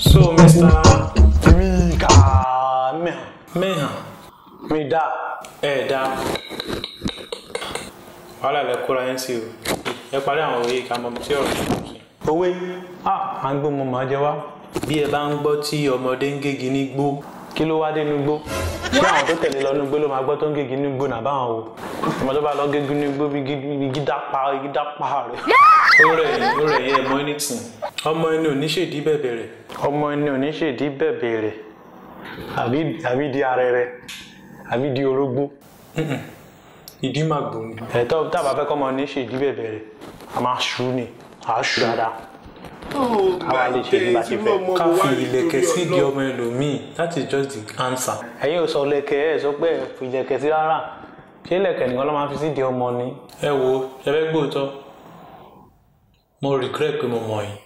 So, Mr. Mika Mehan. Mehan. Mida. Ẹ̀dá. Eh, Wàhálà lẹ kóra yín sí o. Ẹ parí àwọn òye ìka mọ̀ tí ọ̀rọ̀ yìí kù sí. Owé, à ń gbó mo máa jẹ wá. Bí ẹ bá ń gbọ́ tí ọmọdé ń gégi ní gbó, kí ló wá dé ní gbó? Ṣé àwọn tó tẹ̀lé lọ ní gbó ló máa gbọ́ tó ń gégi ní gbó nàbáwọn o? Ọmọ tó bá lọ gégi ní gbó bí gídá pa rẹ̀. Ó rẹ̀ yẹ mọ́ anything ọmọ ẹni oníṣèdí bẹ̀bẹ̀ rẹ̀. ọmọ ẹni oníṣèdí bẹ̀bẹ̀ rẹ̀ àbí di arẹrẹ àbí di orógbó. ìdí máa gbò ni. ẹ̀tọ́ tá a bá fẹ́ kọ́ ọmọ oníṣèdí bẹ̀bẹ̀ rẹ̀ a máa ṣú ni a ṣú dáadáa káwa lè ṣe bí bá ṣe fẹ́. ká fi ìlẹ̀kẹ̀ sí ìdí ọmọ ẹlòmíì that is just the answer. ẹ̀yin ò sọ lẹ̀kẹ̀ ẹ̀ sọ pé fi ìlẹ̀kẹ̀ sí rárá ṣé ìlẹ̀kẹ̀ nìkan ló máa fi sí ìdí ọmọ ni. ẹ wo ẹ fẹ́ gbóòótọ́ mo regret pé mo mọ̀ yìí.